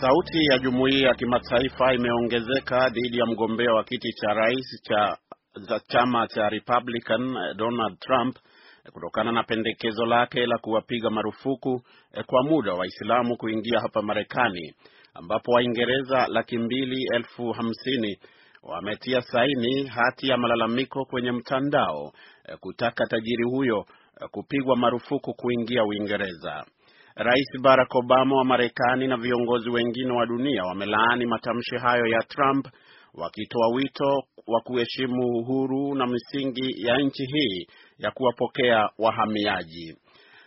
Sauti ya jumuiya ya kimataifa imeongezeka dhidi ya mgombea wa kiti cha rais cha za chama cha Republican eh, Donald Trump eh, kutokana na pendekezo lake la kuwapiga marufuku eh, kwa muda Waislamu kuingia hapa Marekani, ambapo Waingereza laki mbili elfu hamsini wametia saini hati ya malalamiko kwenye mtandao kutaka tajiri huyo kupigwa marufuku kuingia Uingereza. Rais Barack Obama wa Marekani na viongozi wengine wa dunia wamelaani matamshi hayo ya Trump wakitoa wito wa kuheshimu uhuru na misingi ya nchi hii ya kuwapokea wahamiaji.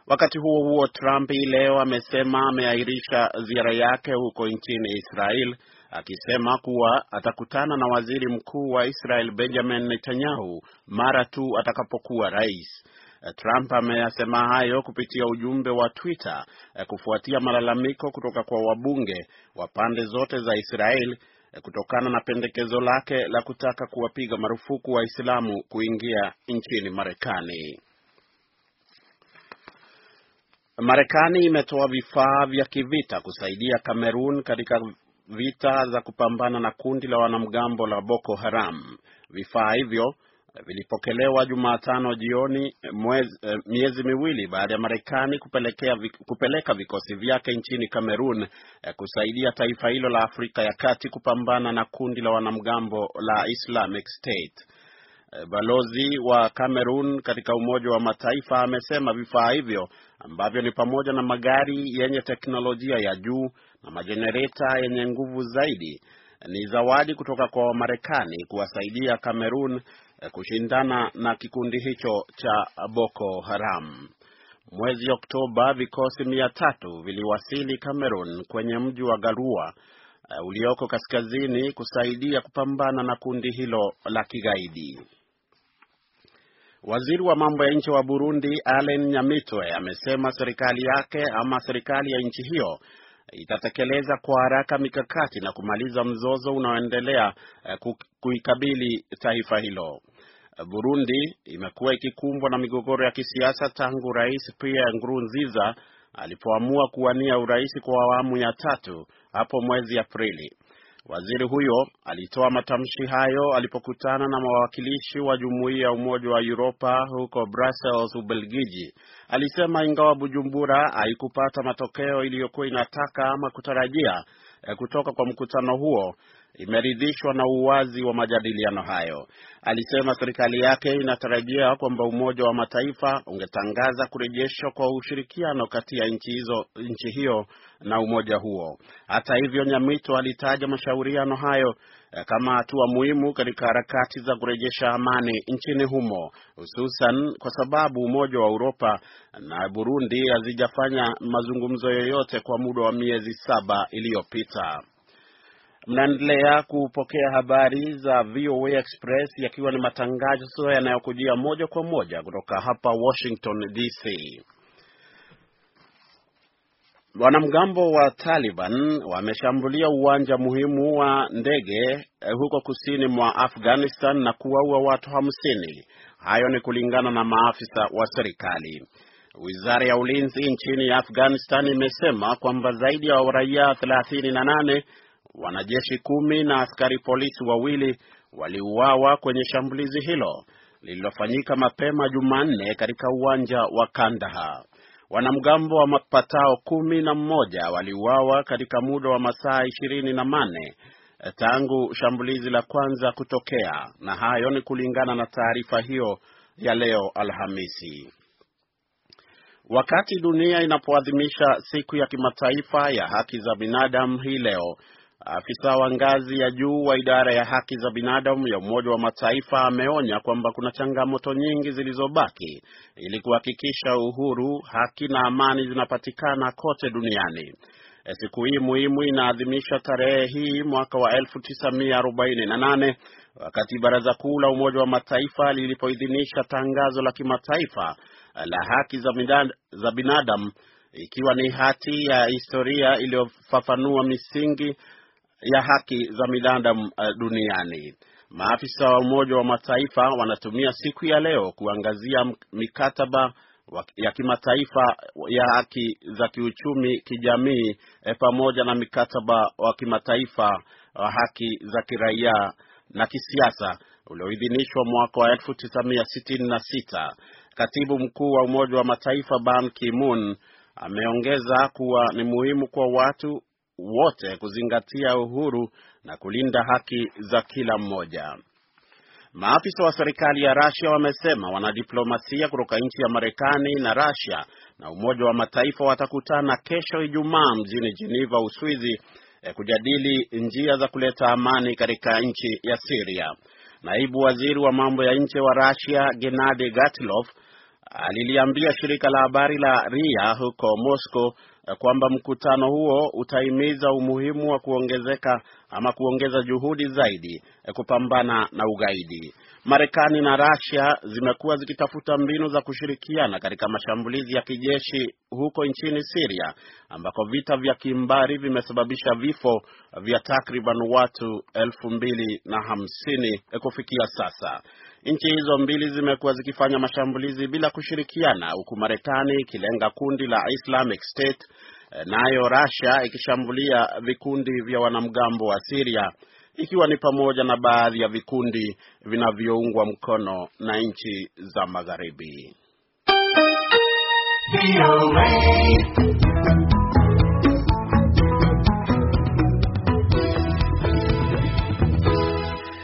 Wakati huo huo, Trump hii leo amesema ameahirisha ziara yake huko nchini Israel akisema kuwa atakutana na waziri mkuu wa Israel Benjamin Netanyahu mara tu atakapokuwa rais. Eh, Trump ameyasema hayo kupitia ujumbe wa Twitter eh, kufuatia malalamiko kutoka kwa wabunge wa pande zote za Israel eh, kutokana na pendekezo lake la kutaka kuwapiga marufuku Waislamu kuingia nchini Marekani. Marekani imetoa vifaa vya kivita kusaidia Kamerun katika vita za kupambana na kundi la wanamgambo la Boko Haram. Vifaa hivyo vilipokelewa Jumatano jioni mwezi, eh, miezi miwili baada ya Marekani kupelekea kupeleka vikosi vyake nchini Kamerun eh, kusaidia taifa hilo la Afrika ya Kati kupambana na kundi la wanamgambo la Islamic State. Eh, balozi wa Kamerun katika Umoja wa Mataifa amesema vifaa hivyo ambavyo ni pamoja na magari yenye teknolojia ya juu na majenereta yenye nguvu zaidi ni zawadi kutoka kwa Wamarekani kuwasaidia Kamerun Eh, kushindana na kikundi hicho cha Boko Haram. Mwezi Oktoba, vikosi mia tatu viliwasili Cameroon kwenye mji wa Garua eh, ulioko kaskazini kusaidia kupambana na kundi hilo la kigaidi. Waziri wa mambo ya nje wa Burundi Alain Nyamitwe amesema serikali yake ama serikali ya nchi hiyo itatekeleza kwa haraka mikakati na kumaliza mzozo unaoendelea eh, kuikabili taifa hilo. Burundi imekuwa ikikumbwa na migogoro ya kisiasa tangu Rais Pierre Nkurunziza alipoamua kuwania urais kwa awamu ya tatu hapo mwezi Aprili. Waziri huyo alitoa matamshi hayo alipokutana na mawakilishi wa jumuiya ya Umoja wa Uropa huko Brussels, Ubelgiji. Alisema ingawa Bujumbura haikupata matokeo iliyokuwa inataka ama kutarajia eh, kutoka kwa mkutano huo, imeridhishwa na uwazi wa majadiliano hayo. Alisema serikali yake inatarajia kwamba Umoja wa Mataifa ungetangaza kurejeshwa kwa ushirikiano kati ya nchi hizo, nchi hiyo na umoja huo. Hata hivyo, Nyamito alitaja mashauriano hayo eh, kama hatua muhimu katika harakati za kurejesha amani nchini humo, hususan kwa sababu Umoja wa Uropa na Burundi hazijafanya mazungumzo yoyote kwa muda wa miezi saba iliyopita. Mnaendelea kupokea habari za VOA Express yakiwa ni matangazo yanayokujia moja kwa moja kutoka hapa Washington DC. Wanamgambo wa Taliban wameshambulia uwanja muhimu wa ndege eh, huko kusini mwa Afghanistan na kuwaua watu hamsini. Hayo ni kulingana na maafisa wa serikali. Wizara ya ulinzi nchini Afghanistan imesema kwamba zaidi ya raia 38 Wanajeshi kumi na askari polisi wawili waliuawa kwenye shambulizi hilo lililofanyika mapema Jumanne katika uwanja wa kandaha Wanamgambo wa mapatao kumi na mmoja waliuawa katika muda wa masaa ishirini na mane tangu shambulizi la kwanza kutokea, na hayo ni kulingana na taarifa hiyo ya leo Alhamisi. Wakati dunia inapoadhimisha siku ya kimataifa ya haki za binadamu hii leo, Afisa wa ngazi ya juu wa idara ya haki za binadamu ya Umoja wa Mataifa ameonya kwamba kuna changamoto nyingi zilizobaki ili kuhakikisha uhuru, haki na amani zinapatikana kote duniani. E, siku hii muhimu inaadhimisha tarehe hii mwaka wa 1948 wakati Baraza Kuu la Umoja wa Mataifa lilipoidhinisha tangazo la kimataifa la haki za binadamu ikiwa ni hati ya historia iliyofafanua misingi ya haki za binadamu uh, duniani. Maafisa wa Umoja wa Mataifa wanatumia siku ya leo kuangazia mikataba ya kimataifa ya haki za kiuchumi, kijamii, eh, pamoja na mikataba wa kimataifa wa uh, haki za kiraia na kisiasa ulioidhinishwa mwaka wa 1966. Katibu mkuu wa Umoja wa Mataifa Ban Ki-moon ameongeza kuwa ni muhimu kwa watu wote kuzingatia uhuru na kulinda haki za kila mmoja. Maafisa wa serikali ya Russia wamesema wanadiplomasia kutoka nchi ya Marekani na Russia na Umoja wa Mataifa watakutana kesho Ijumaa mjini Geneva, Uswizi eh, kujadili njia za kuleta amani katika nchi ya Syria. Naibu waziri wa mambo ya nje wa Russia Gennady Gatilov aliliambia shirika la habari la RIA huko Moscow kwamba mkutano huo utahimiza umuhimu wa kuongezeka ama kuongeza juhudi zaidi eh, kupambana na ugaidi. Marekani na Russia zimekuwa zikitafuta mbinu za kushirikiana katika mashambulizi ya kijeshi huko nchini Syria ambako vita vya kimbari vimesababisha vifo vya takriban watu elfu mbili na hamsini eh, kufikia sasa. Nchi hizo mbili zimekuwa zikifanya mashambulizi bila kushirikiana, huku Marekani ikilenga kundi la Islamic State, eh, nayo Russia ikishambulia vikundi vya wanamgambo wa Syria, ikiwa ni pamoja na baadhi ya vikundi vinavyoungwa mkono na nchi za Magharibi.